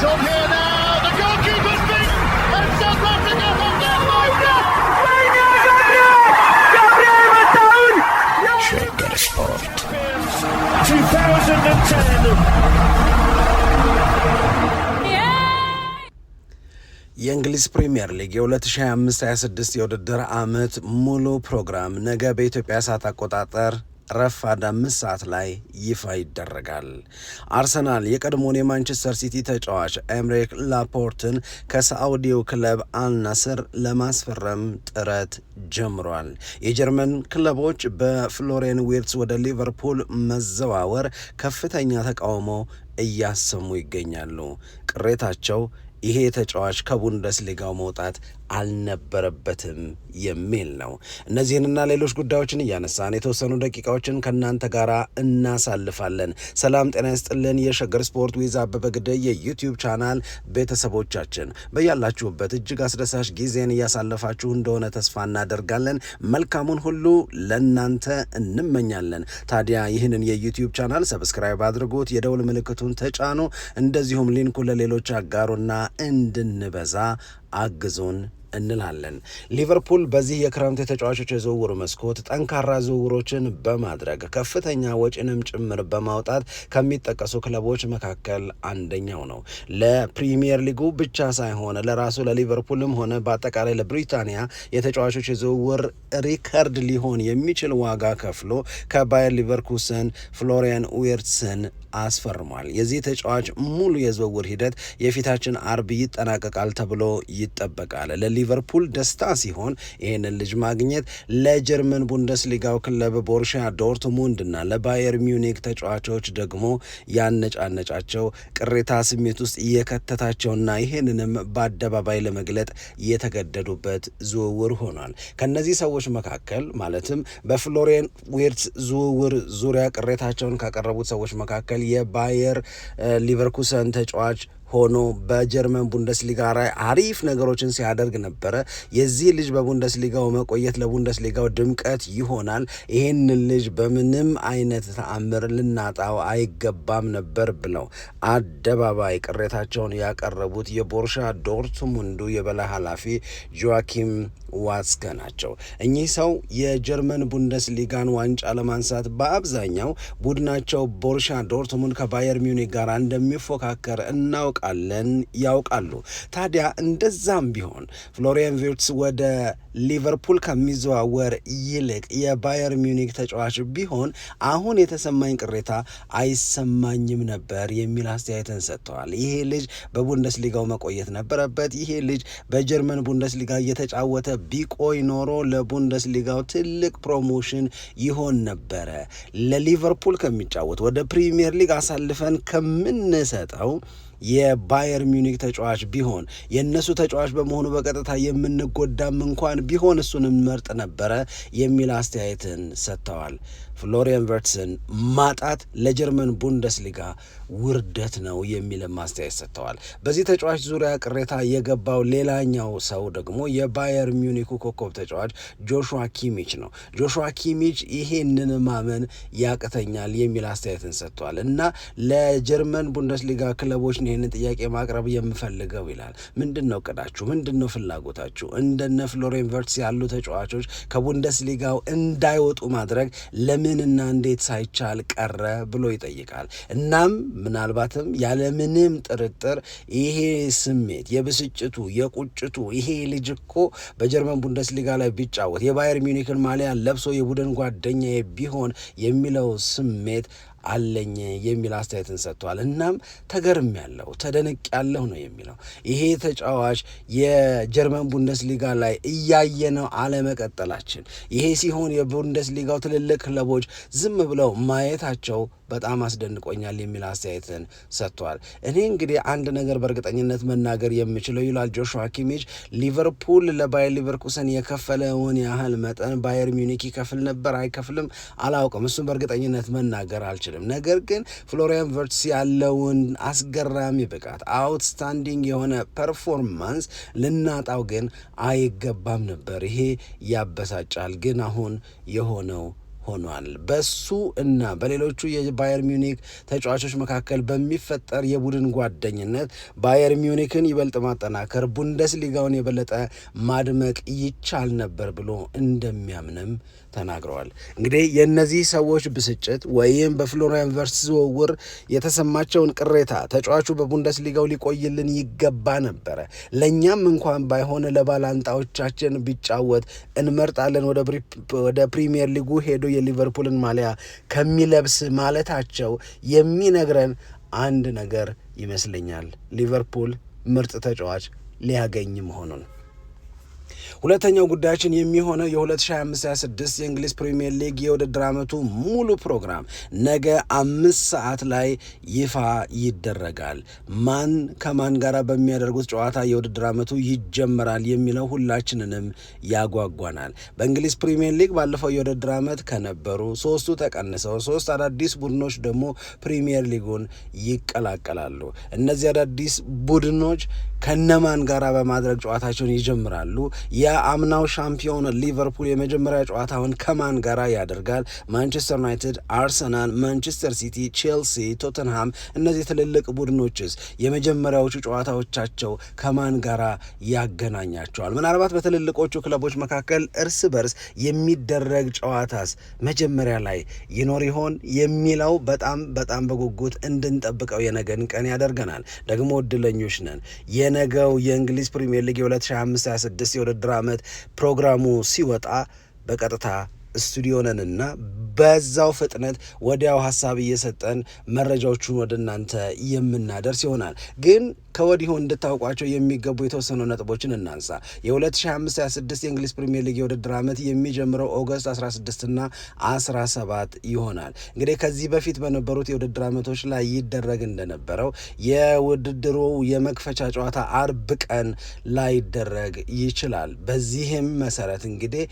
It's on here now. The goalkeeper's beaten, and South Africa have gone over. Checker Sport 2010 የእንግሊዝ ፕሪምየር ሊግ የ2025/26 የውድድር ዓመት ሙሉ ፕሮግራም ነገ በኢትዮጵያ ሰዓት አቆጣጠር ረፋድ አምስት ሰዓት ላይ ይፋ ይደረጋል። አርሰናል የቀድሞውን የማንቸስተር ሲቲ ተጫዋች ኤምሬክ ላፖርትን ከሳዑዲው ክለብ አልናስር ለማስፈረም ጥረት ጀምሯል። የጀርመን ክለቦች በፍሎሬን ዊርትስ ወደ ሊቨርፑል መዘዋወር ከፍተኛ ተቃውሞ እያሰሙ ይገኛሉ። ቅሬታቸው ይሄ ተጫዋች ከቡንደስ ሊጋው መውጣት አልነበረበትም የሚል ነው። እነዚህንና ሌሎች ጉዳዮችን እያነሳን የተወሰኑ ደቂቃዎችን ከእናንተ ጋር እናሳልፋለን። ሰላም ጤና ይስጥልን። የሸገር ስፖርት ዊዝ አበበ ግደይ የዩቲዩብ ቻናል ቤተሰቦቻችን በያላችሁበት እጅግ አስደሳች ጊዜን እያሳለፋችሁ እንደሆነ ተስፋ እናደርጋለን። መልካሙን ሁሉ ለእናንተ እንመኛለን። ታዲያ ይህንን የዩቲዩብ ቻናል ሰብስክራይብ አድርጉት፣ የደውል ምልክቱን ተጫኑ፣ እንደዚሁም ሊንኩ ለሌሎች አጋሩና እንድንበዛ አግዙን እንላለን። ሊቨርፑል በዚህ የክረምት የተጫዋቾች የዝውውር መስኮት ጠንካራ ዝውውሮችን በማድረግ ከፍተኛ ወጪንም ጭምር በማውጣት ከሚጠቀሱ ክለቦች መካከል አንደኛው ነው። ለፕሪሚየር ሊጉ ብቻ ሳይሆን ለራሱ ለሊቨርፑልም ሆነ በአጠቃላይ ለብሪታንያ የተጫዋቾች የዝውውር ሪከርድ ሊሆን የሚችል ዋጋ ከፍሎ ከባየር ሊቨርኩሰን ፍሎሪያን ዊርትስን አስፈርሟል። የዚህ ተጫዋች ሙሉ የዝውውር ሂደት የፊታችን አርብ ይጠናቀቃል ተብሎ ይጠበቃል። ለሊቨርፑል ደስታ ሲሆን ይህንን ልጅ ማግኘት ለጀርመን ቡንደስሊጋው ክለብ ቦርሻ ዶርትሙንድ እና ለባየር ሚዩኒክ ተጫዋቾች ደግሞ ያነጫነጫቸው ቅሬታ ስሜት ውስጥ እየከተታቸውና ይህንንም በአደባባይ ለመግለጥ የተገደዱበት ዝውውር ሆኗል። ከነዚህ ሰዎች መካከል ማለትም በፍሎሪያን ዊርትስ ዝውውር ዙሪያ ቅሬታቸውን ካቀረቡት ሰዎች መካከል የባየር ሊቨርኩሰን ተጫዋች ሆኖ በጀርመን ቡንደስሊጋ ላይ አሪፍ ነገሮችን ሲያደርግ ነበረ። የዚህ ልጅ በቡንደስሊጋው መቆየት ለቡንደስሊጋው ድምቀት ይሆናል። ይህንን ልጅ በምንም አይነት ተአምር ልናጣው አይገባም ነበር ብለው አደባባይ ቅሬታቸውን ያቀረቡት የቦርሻ ዶርትሙንዱ የበላይ ኃላፊ ጆዋኪም ዋትስከ ናቸው። እኚህ ሰው የጀርመን ቡንደስሊጋን ዋንጫ ለማንሳት በአብዛኛው ቡድናቸው ቦርሻ ዶርትሙንድ ከባየር ሚውኒክ ጋር እንደሚፎካከር እናውቅ እናውቃለን ያውቃሉ። ታዲያ እንደዛም ቢሆን ፍሎሪያን ቪርትስ ወደ ሊቨርፑል ከሚዘዋወር ይልቅ የባየር ሚኒክ ተጫዋች ቢሆን አሁን የተሰማኝ ቅሬታ አይሰማኝም ነበር የሚል አስተያየትን ሰጥተዋል። ይሄ ልጅ በቡንደስሊጋው መቆየት ነበረበት። ይሄ ልጅ በጀርመን ቡንደስሊጋ እየተጫወተ ቢቆይ ኖሮ ለቡንደስሊጋው ትልቅ ፕሮሞሽን ይሆን ነበረ። ለሊቨርፑል ከሚጫወት ወደ ፕሪሚየር ሊግ አሳልፈን ከምንሰጠው የባየር ሚኒክ ተጫዋች ቢሆን የእነሱ ተጫዋች በመሆኑ በቀጥታ የምንጎዳም እንኳን ቢሆን እሱን መርጥ ነበረ የሚል አስተያየትን ሰጥተዋል። ፍሎሪያን ቨርትስን ማጣት ለጀርመን ቡንደስሊጋ ውርደት ነው የሚልም አስተያየት ሰጥተዋል። በዚህ ተጫዋች ዙሪያ ቅሬታ የገባው ሌላኛው ሰው ደግሞ የባየር ሚኒኩ ኮከብ ተጫዋች ጆሹዋ ኪሚች ነው። ጆሹዋ ኪሚች ይሄንን ማመን ያቅተኛል የሚል አስተያየትን ሰጥተዋል እና ለጀርመን ቡንደስሊጋ ክለቦች ይህንን ጥያቄ ማቅረብ የምፈልገው ይላል። ምንድን ነው እቅዳችሁ? ምንድን ነው ፍላጎታችሁ? እንደነ ፍሎሪያን ቨርትስ ያሉ ተጫዋቾች ከቡንደስሊጋው እንዳይወጡ ማድረግ ለምንና እንዴት ሳይቻል ቀረ ብሎ ይጠይቃል። እናም ምናልባትም ያለምንም ጥርጥር ይሄ ስሜት የብስጭቱ፣ የቁጭቱ ይሄ ልጅ እኮ በጀርመን ቡንደስሊጋ ላይ ቢጫወት የባየር ሚኒክን ማሊያ ለብሶ የቡድን ጓደኛ ቢሆን የሚለው ስሜት አለኝ የሚል አስተያየትን ሰጥቷል። እናም ተገርም ያለው ተደነቅ ያለው ነው የሚለው ይሄ ተጫዋች የጀርመን ቡንደስሊጋ ላይ እያየ ነው አለመቀጠላችን። ይሄ ሲሆን የቡንደስሊጋው ትልልቅ ክለቦች ዝም ብለው ማየታቸው በጣም አስደንቆኛል የሚል አስተያየትን ሰጥቷል። እኔ እንግዲህ አንድ ነገር በእርግጠኝነት መናገር የምችለው ይላል ጆሹዋ ኪሚች፣ ሊቨርፑል ለባየር ሊቨርኩሰን የከፈለውን ያህል መጠን ባየር ሚኒክ ይከፍል ነበር አይከፍልም አላውቅም። እሱን በእርግጠኝነት መናገር አልችልም። ነገር ግን ፍሎሪያን ቨርትስ ያለውን አስገራሚ ብቃት አውትስታንዲንግ የሆነ ፐርፎርማንስ ልናጣው ግን አይገባም ነበር። ይሄ ያበሳጫል። ግን አሁን የሆነው ሆኗል። በሱ እና በሌሎቹ የባየር ሚኒክ ተጫዋቾች መካከል በሚፈጠር የቡድን ጓደኝነት ባየር ሚኒክን ይበልጥ ማጠናከር፣ ቡንደስሊጋውን የበለጠ ማድመቅ ይቻል ነበር ብሎ እንደሚያምንም ተናግረዋል። እንግዲህ የእነዚህ ሰዎች ብስጭት ወይም በፍሎሪያን ቨርስ ዝውውር የተሰማቸውን ቅሬታ ተጫዋቹ በቡንደስሊጋው ሊቆይልን ይገባ ነበረ፣ ለእኛም እንኳን ባይሆን ለባላንጣዎቻችን ቢጫወት እንመርጣለን፣ ወደ ፕሪሚየር ሊጉ ሄዶ የሊቨርፑልን ማሊያ ከሚለብስ ማለታቸው የሚነግረን አንድ ነገር ይመስለኛል። ሊቨርፑል ምርጥ ተጫዋች ሊያገኝ መሆኑን ሁለተኛው ጉዳያችን የሚሆነው የ2025/26 የእንግሊዝ ፕሪምየር ሊግ የውድድር ዓመቱ ሙሉ ፕሮግራም ነገ አምስት ሰዓት ላይ ይፋ ይደረጋል። ማን ከማን ጋር በሚያደርጉት ጨዋታ የውድድር ዓመቱ ይጀመራል የሚለው ሁላችንንም ያጓጓናል። በእንግሊዝ ፕሪምየር ሊግ ባለፈው የውድድር ዓመት ከነበሩ ሶስቱ ተቀንሰው ሶስት አዳዲስ ቡድኖች ደግሞ ፕሪምየር ሊጉን ይቀላቀላሉ። እነዚህ አዳዲስ ቡድኖች ከነማን ጋር በማድረግ ጨዋታቸውን ይጀምራሉ? የ የአምናው ሻምፒዮን ሊቨርፑል የመጀመሪያ ጨዋታውን ከማን ጋር ያደርጋል? ማንቸስተር ዩናይትድ፣ አርሰናል፣ ማንቸስተር ሲቲ፣ ቼልሲ፣ ቶተንሃም እነዚህ ትልልቅ ቡድኖችስ የመጀመሪያዎቹ ጨዋታዎቻቸው ከማን ጋር ያገናኛቸዋል? ምናልባት በትልልቆቹ ክለቦች መካከል እርስ በርስ የሚደረግ ጨዋታስ መጀመሪያ ላይ ይኖር ይሆን የሚለው በጣም በጣም በጉጉት እንድንጠብቀው የነገን ቀን ያደርገናል። ደግሞ እድለኞች ነን። የነገው የእንግሊዝ ፕሪምየር ሊግ የ2526 የውድድር ዓመት ፕሮግራሙ ሲወጣ በቀጥታ ስቱዲዮ ነንና በዛው ፍጥነት ወዲያው ሀሳብ እየሰጠን መረጃዎቹን ወደ እናንተ የምናደርስ ይሆናል። ግን ከወዲሁ እንድታውቋቸው የሚገቡ የተወሰኑ ነጥቦችን እናንሳ። የ2025/26 የእንግሊዝ ፕሪምየር ሊግ የውድድር ዓመት የሚጀምረው ኦገስት 16ና 17 ይሆናል። እንግዲህ ከዚህ በፊት በነበሩት የውድድር ዓመቶች ላይ ይደረግ እንደነበረው የውድድሩ የመክፈቻ ጨዋታ አርብ ቀን ላይደረግ ይችላል። በዚህም መሰረት እንግዲህ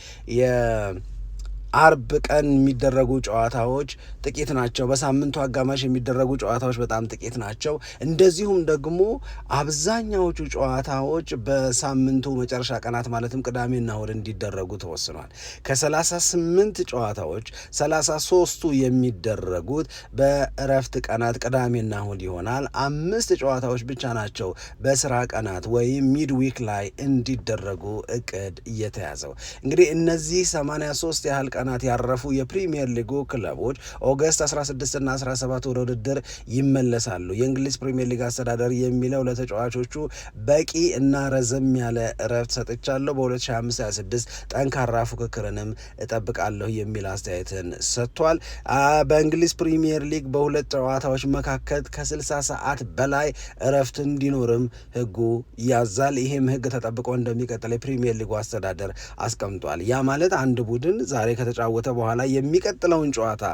አርብ ቀን የሚደረጉ ጨዋታዎች ጥቂት ናቸው። በሳምንቱ አጋማሽ የሚደረጉ ጨዋታዎች በጣም ጥቂት ናቸው። እንደዚሁም ደግሞ አብዛኛዎቹ ጨዋታዎች በሳምንቱ መጨረሻ ቀናት ማለትም ቅዳሜና እሁድ እንዲደረጉ ተወስኗል። ከ38 ጨዋታዎች 33ቱ የሚደረጉት በእረፍት ቀናት ቅዳሜና እሁድ ይሆናል። አምስት ጨዋታዎች ብቻ ናቸው በስራ ቀናት ወይም ሚድ ዊክ ላይ እንዲደረጉ እቅድ እየተያዘው እንግዲህ እነዚህ 83 ያህል ቀናት ቀናት ያረፉ የፕሪሚየር ሊጉ ክለቦች ኦገስት 16 እና 17 ወደ ውድድር ይመለሳሉ። የእንግሊዝ ፕሪሚየር ሊግ አስተዳደር የሚለው ለተጫዋቾቹ በቂ እና ረዘም ያለ እረፍት ሰጥቻለሁ፣ በ2526 ጠንካራ ፉክክርንም እጠብቃለሁ የሚል አስተያየትን ሰጥቷል። በእንግሊዝ ፕሪሚየር ሊግ በሁለት ጨዋታዎች መካከል ከ60 ሰዓት በላይ እረፍት እንዲኖርም ህጉ ያዛል። ይህም ህግ ተጠብቆ እንደሚቀጥል የፕሪሚየር ሊጉ አስተዳደር አስቀምጧል። ያ ማለት አንድ ቡድን ዛሬ ከተጫወተ በኋላ የሚቀጥለውን ጨዋታ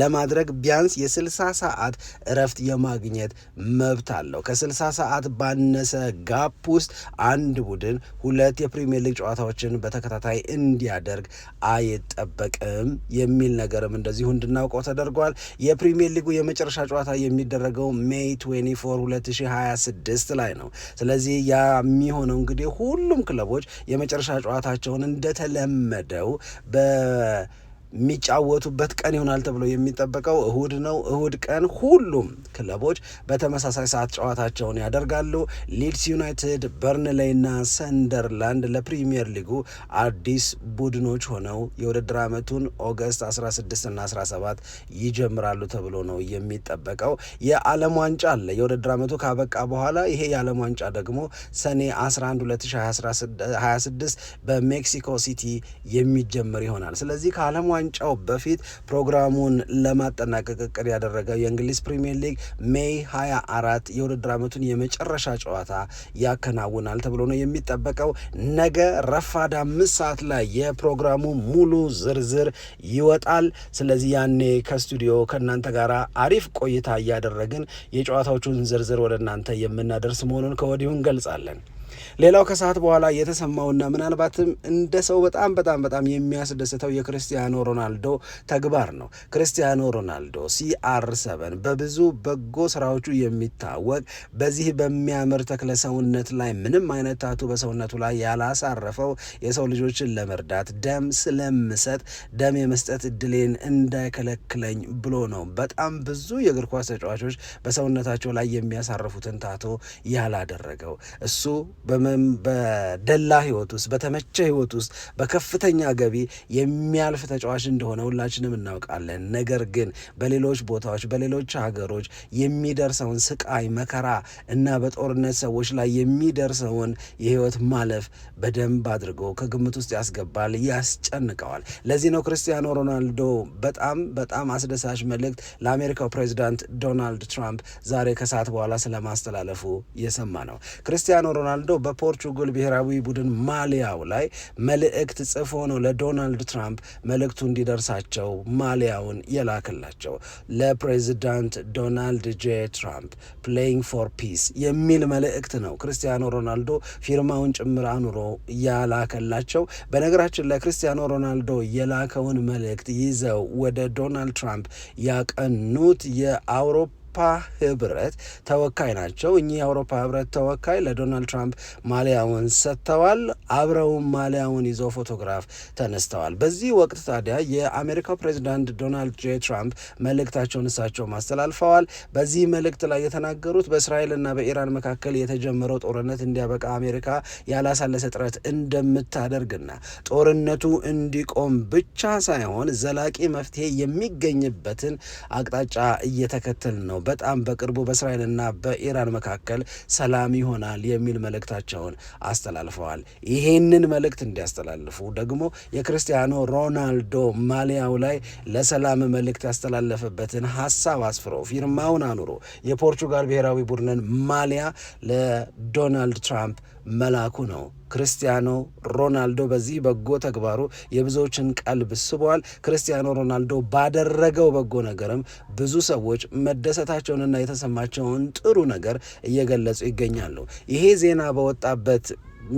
ለማድረግ ቢያንስ የስልሳ ሰዓት እረፍት የማግኘት መብት አለው። ከስልሳ ሰዓት ባነሰ ጋፕ ውስጥ አንድ ቡድን ሁለት የፕሪሚየር ሊግ ጨዋታዎችን በተከታታይ እንዲያደርግ አይጠበቅም የሚል ነገርም እንደዚሁ እንድናውቀው ተደርጓል። የፕሪሚየር ሊጉ የመጨረሻ ጨዋታ የሚደረገው ሜይ 24 2026 ላይ ነው። ስለዚህ ያ የሚሆነው እንግዲህ ሁሉም ክለቦች የመጨረሻ ጨዋታቸውን እንደተለመደው በ የሚጫወቱበት ቀን ይሆናል ተብሎ የሚጠበቀው እሁድ ነው። እሁድ ቀን ሁሉም ክለቦች በተመሳሳይ ሰዓት ጨዋታቸውን ያደርጋሉ። ሊድስ ዩናይትድ፣ ና ሰንደርላንድ ለፕሪሚየር ሊጉ አዲስ ቡድኖች ሆነው የውድድር ዓመቱን ኦገስት 16ና 17 ይጀምራሉ ተብሎ ነው የሚጠበቀው። የዓለም ዋንጫ አለ። የውድድር ዓመቱ ካበቃ በኋላ ይሄ የዓለም ዋንጫ ደግሞ ሰኔ 11 2026 በሜክሲኮ ሲቲ የሚጀምር ይሆናል። ስለዚህ ከዓለም ዋ ዋንጫው በፊት ፕሮግራሙን ለማጠናቀቅ እቅድ ያደረገው የእንግሊዝ ፕሪምየር ሊግ ሜይ 24 የውድድር ዓመቱን የመጨረሻ ጨዋታ ያከናውናል ተብሎ ነው የሚጠበቀው። ነገ ረፋድ አምስት ሰዓት ላይ የፕሮግራሙ ሙሉ ዝርዝር ይወጣል። ስለዚህ ያኔ ከስቱዲዮ ከእናንተ ጋር አሪፍ ቆይታ እያደረግን የጨዋታዎቹን ዝርዝር ወደ እናንተ የምናደርስ መሆኑን ከወዲሁ እንገልጻለን። ሌላው ከሰዓት በኋላ የተሰማውና ምናልባትም እንደ ሰው በጣም በጣም በጣም የሚያስደስተው የክርስቲያኖ ሮናልዶ ተግባር ነው። ክርስቲያኖ ሮናልዶ ሲአር ሰበን በብዙ በጎ ስራዎቹ የሚታወቅ በዚህ በሚያምር ተክለ ሰውነት ላይ ምንም አይነት ታቱ በሰውነቱ ላይ ያላሳረፈው የሰው ልጆችን ለመርዳት ደም ስለምሰጥ ደም የመስጠት እድሌን እንዳይከለክለኝ ብሎ ነው። በጣም ብዙ የእግር ኳስ ተጫዋቾች በሰውነታቸው ላይ የሚያሳርፉትን ታቶ ያላደረገው እሱ በደላ ህይወት ውስጥ በተመቸ ህይወት ውስጥ በከፍተኛ ገቢ የሚያልፍ ተጫዋች እንደሆነ ሁላችንም እናውቃለን። ነገር ግን በሌሎች ቦታዎች በሌሎች ሀገሮች የሚደርሰውን ስቃይ፣ መከራ እና በጦርነት ሰዎች ላይ የሚደርሰውን የህይወት ማለፍ በደንብ አድርጎ ከግምት ውስጥ ያስገባል፣ ያስጨንቀዋል። ለዚህ ነው ክርስቲያኖ ሮናልዶ በጣም በጣም አስደሳች መልእክት ለአሜሪካው ፕሬዚዳንት ዶናልድ ትራምፕ ዛሬ ከሰዓት በኋላ ስለማስተላለፉ የሰማ ነው ክርስቲያኖ ሮናልዶ ወስዶ በፖርቹጋል ብሔራዊ ቡድን ማሊያው ላይ መልእክት ጽፎ ነው ለዶናልድ ትራምፕ መልእክቱ እንዲደርሳቸው ማሊያውን የላክላቸው። ለፕሬዚዳንት ዶናልድ ጄ ትራምፕ ፕሌይንግ ፎር ፒስ የሚል መልእክት ነው ክርስቲያኖ ሮናልዶ ፊርማውን ጭምር አኑሮ ያላከላቸው። በነገራችን ላይ ክርስቲያኖ ሮናልዶ የላከውን መልእክት ይዘው ወደ ዶናልድ ትራምፕ ያቀኑት የአውሮፓ የአውሮፓ ህብረት ተወካይ ናቸው። እኚህ የአውሮፓ ህብረት ተወካይ ለዶናልድ ትራምፕ ማሊያውን ሰጥተዋል። አብረውም ማሊያውን ይዘው ፎቶግራፍ ተነስተዋል። በዚህ ወቅት ታዲያ የአሜሪካው ፕሬዚዳንት ዶናልድ ጄ ትራምፕ መልእክታቸውን እሳቸው አስተላልፈዋል። በዚህ መልእክት ላይ የተናገሩት በእስራኤልና በኢራን መካከል የተጀመረው ጦርነት እንዲያበቃ አሜሪካ ያላሳለሰ ጥረት እንደምታደርግና ጦርነቱ እንዲቆም ብቻ ሳይሆን ዘላቂ መፍትሄ የሚገኝበትን አቅጣጫ እየተከተል ነው በጣም በቅርቡ በእስራኤልና በኢራን መካከል ሰላም ይሆናል የሚል መልእክታቸውን አስተላልፈዋል። ይሄንን መልእክት እንዲያስተላልፉ ደግሞ የክርስቲያኖ ሮናልዶ ማሊያው ላይ ለሰላም መልእክት ያስተላለፈበትን ሀሳብ አስፍሮ ፊርማውን አኑሮ የፖርቹጋል ብሔራዊ ቡድንን ማሊያ ለዶናልድ ትራምፕ መላኩ ነው። ክርስቲያኖ ሮናልዶ በዚህ በጎ ተግባሩ የብዙዎችን ቀልብ ስቧል። ክርስቲያኖ ሮናልዶ ባደረገው በጎ ነገርም ብዙ ሰዎች መደሰታቸውንና የተሰማቸውን ጥሩ ነገር እየገለጹ ይገኛሉ። ይሄ ዜና በወጣበት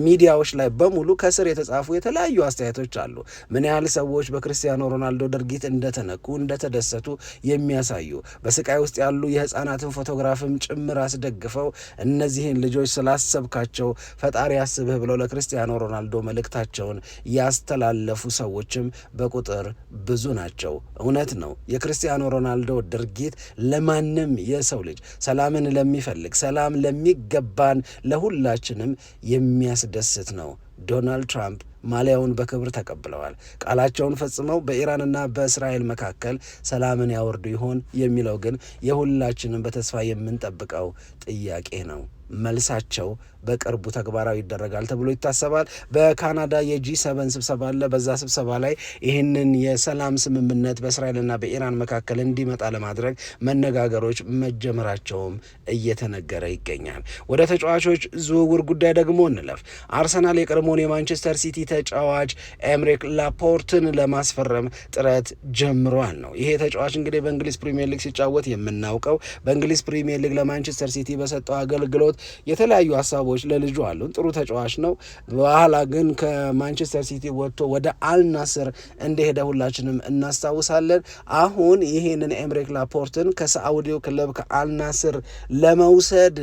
ሚዲያዎች ላይ በሙሉ ከስር የተጻፉ የተለያዩ አስተያየቶች አሉ። ምን ያህል ሰዎች በክርስቲያኖ ሮናልዶ ድርጊት እንደተነኩ፣ እንደተደሰቱ የሚያሳዩ በስቃይ ውስጥ ያሉ የህፃናትን ፎቶግራፍም ጭምር አስደግፈው እነዚህን ልጆች ስላሰብካቸው ፈጣሪ አስብህ ብለው ለክርስቲያኖ ሮናልዶ መልእክታቸውን ያስተላለፉ ሰዎችም በቁጥር ብዙ ናቸው። እውነት ነው። የክርስቲያኖ ሮናልዶ ድርጊት ለማንም የሰው ልጅ ሰላምን ለሚፈልግ ሰላም ለሚገባን ለሁላችንም የሚያ የሚያስደስት ነው። ዶናልድ ትራምፕ ማሊያውን በክብር ተቀብለዋል። ቃላቸውን ፈጽመው በኢራንና በእስራኤል መካከል ሰላምን ያወርዱ ይሆን የሚለው ግን የሁላችንም በተስፋ የምንጠብቀው ጥያቄ ነው። መልሳቸው በቅርቡ ተግባራዊ ይደረጋል ተብሎ ይታሰባል። በካናዳ የጂ ሰቨን ስብሰባ አለ። በዛ ስብሰባ ላይ ይህንን የሰላም ስምምነት በእስራኤልና በኢራን መካከል እንዲመጣ ለማድረግ መነጋገሮች መጀመራቸውም እየተነገረ ይገኛል። ወደ ተጫዋቾች ዝውውር ጉዳይ ደግሞ እንለፍ። አርሰናል የቀድሞውን የማንቸስተር ሲቲ ተጫዋች ኤምሪክ ላፖርትን ለማስፈረም ጥረት ጀምሯል ነው። ይሄ ተጫዋች እንግዲህ በእንግሊዝ ፕሪሚየር ሊግ ሲጫወት የምናውቀው በእንግሊዝ ፕሪሚየር ሊግ ለማንቸስተር ሲቲ በሰጠው አገልግሎት የተለያዩ ሀሳቦች ለልጁ አሉን። ጥሩ ተጫዋች ነው። በኋላ ግን ከማንቸስተር ሲቲ ወጥቶ ወደ አልናስር እንደሄደ ሁላችንም እናስታውሳለን። አሁን ይህንን ኤምሪክ ላፖርትን ከሳዑዲው ክለብ ከአልናስር ለመውሰድ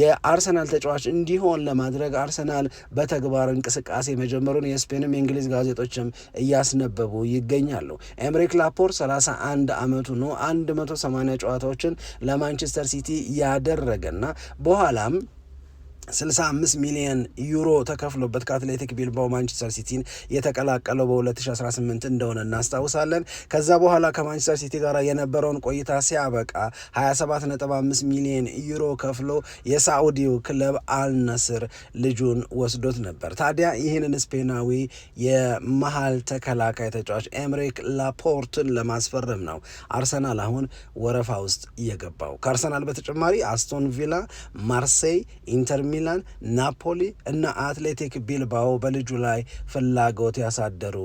የአርሰናል ተጫዋች እንዲሆን ለማድረግ አርሰናል በተግባር እንቅስቃሴ መጀመ መጀመሩን የስፔንም የእንግሊዝ ጋዜጦችም እያስነበቡ ይገኛሉ። ኤምሪክ ላፖር 31 ዓመቱ ነው። 180 ጨዋታዎችን ለማንቸስተር ሲቲ ያደረገና በኋላም 65 ሚሊዮን ዩሮ ተከፍሎበት ከአትሌቲክ ቢልባው ማንቸስተር ሲቲን የተቀላቀለው በ2018 እንደሆነ እናስታውሳለን። ከዛ በኋላ ከማንቸስተር ሲቲ ጋር የነበረውን ቆይታ ሲያበቃ 275 ሚሊዮን ዩሮ ከፍሎ የሳዑዲው ክለብ አልነስር ልጁን ወስዶት ነበር። ታዲያ ይህንን ስፔናዊ የመሃል ተከላካይ ተጫዋች ኤምሪክ ላፖርትን ለማስፈረም ነው አርሰናል አሁን ወረፋ ውስጥ የገባው። ከአርሰናል በተጨማሪ አስቶን ቪላ፣ ማርሴይ፣ ኢንተርሚ ሚላን፣ ናፖሊ እና አትሌቲክ ቢልባኦ በልጁ ላይ ፍላጎት ያሳደሩ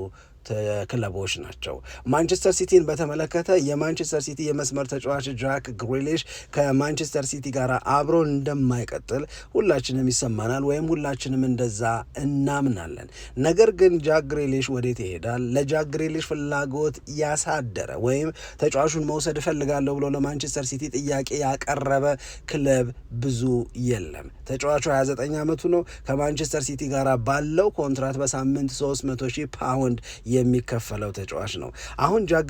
ክለቦች ናቸው። ማንቸስተር ሲቲን በተመለከተ የማንቸስተር ሲቲ የመስመር ተጫዋች ጃክ ግሪሊሽ ከማንቸስተር ሲቲ ጋር አብሮ እንደማይቀጥል ሁላችንም ይሰማናል፣ ወይም ሁላችንም እንደዛ እናምናለን። ነገር ግን ጃክ ግሪሊሽ ወዴት ይሄዳል? ለጃክ ግሪሊሽ ፍላጎት ያሳደረ ወይም ተጫዋቹን መውሰድ እፈልጋለሁ ብሎ ለማንቸስተር ሲቲ ጥያቄ ያቀረበ ክለብ ብዙ የለም። ተጫዋቹ 29 ዓመቱ ነው። ከማንቸስተር ሲቲ ጋር ባለው ኮንትራት በሳምንት 300 ሺህ ፓውንድ የሚከፈለው ተጫዋች ነው። አሁን ጃክ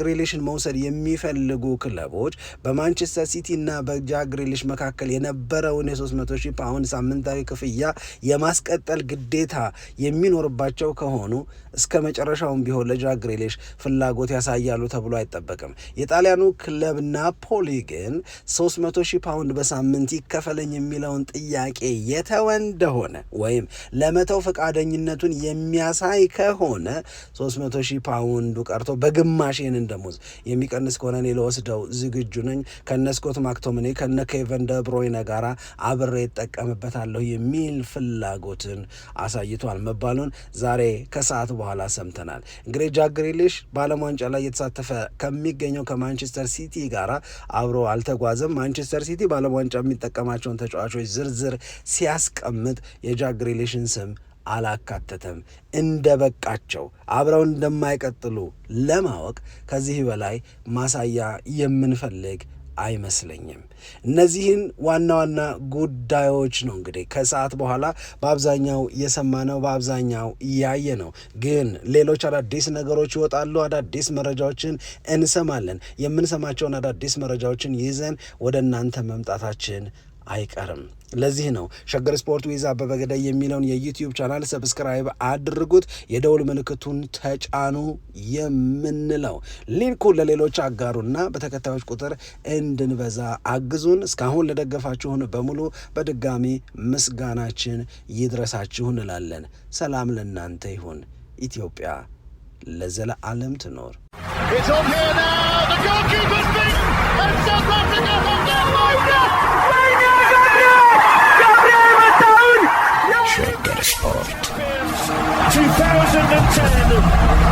መውሰድ የሚፈልጉ ክለቦች በማንቸስተር ሲቲ እና በጃክ መካከል የነበረውን የ300 ሺህ ፓውንድ ሳምንታዊ ክፍያ የማስቀጠል ግዴታ የሚኖርባቸው ከሆኑ እስከ መጨረሻውም ቢሆን ለጃግሬሌሽ ፍላጎት ያሳያሉ ተብሎ አይጠበቅም። የጣሊያኑ ክለብ ናፖሊ ግን 300 ሺህ ፓውንድ በሳምንት ይከፈለኝ የሚለውን ጥያቄ የተወ እንደሆነ ወይም ለመተው ፈቃደኝነቱን የሚያሳይ ከሆነ መቶ ሺህ ፓውንዱ ቀርቶ በግማሽ ይህንን ደሞዝ የሚቀንስ ከሆነ እኔ ለወስደው ዝግጁ ነኝ። ከነ ስኮት ማክቶምኔ ከነ ኬቨን ደብሮይነ ጋር አብሬ ይጠቀምበታለሁ የሚል ፍላጎትን አሳይቷል መባሉን ዛሬ ከሰዓት በኋላ ሰምተናል። እንግዲህ ጃክ ግሪሊሽ በዓለም ዋንጫ ላይ እየተሳተፈ ከሚገኘው ከማንቸስተር ሲቲ ጋር አብሮ አልተጓዘም። ማንቸስተር ሲቲ በዓለም ዋንጫ የሚጠቀማቸውን ተጫዋቾች ዝርዝር ሲያስቀምጥ የጃክ ግሪሊሽን ስም አላካተተም። እንደ በቃቸው አብረው እንደማይቀጥሉ ለማወቅ ከዚህ በላይ ማሳያ የምንፈልግ አይመስለኝም። እነዚህን ዋና ዋና ጉዳዮች ነው እንግዲህ ከሰዓት በኋላ በአብዛኛው የሰማነው በአብዛኛው እያየ ነው። ግን ሌሎች አዳዲስ ነገሮች ይወጣሉ። አዳዲስ መረጃዎችን እንሰማለን። የምንሰማቸውን አዳዲስ መረጃዎችን ይዘን ወደ እናንተ መምጣታችን አይቀርም። ለዚህ ነው ሸገር ስፖርት ዊዝ አበበ የሚለውን የዩትዩብ ቻናል ሰብስክራይብ አድርጉት፣ የደውል ምልክቱን ተጫኑ የምንለው። ሊንኩን ለሌሎች አጋሩና በተከታዮች ቁጥር እንድንበዛ አግዙን። እስካሁን ለደገፋችሁን በሙሉ በድጋሚ ምስጋናችን ይድረሳችሁ እንላለን። ሰላም ለእናንተ ይሁን። ኢትዮጵያ ለዘለዓለም ትኖር። Check Sport. 2010.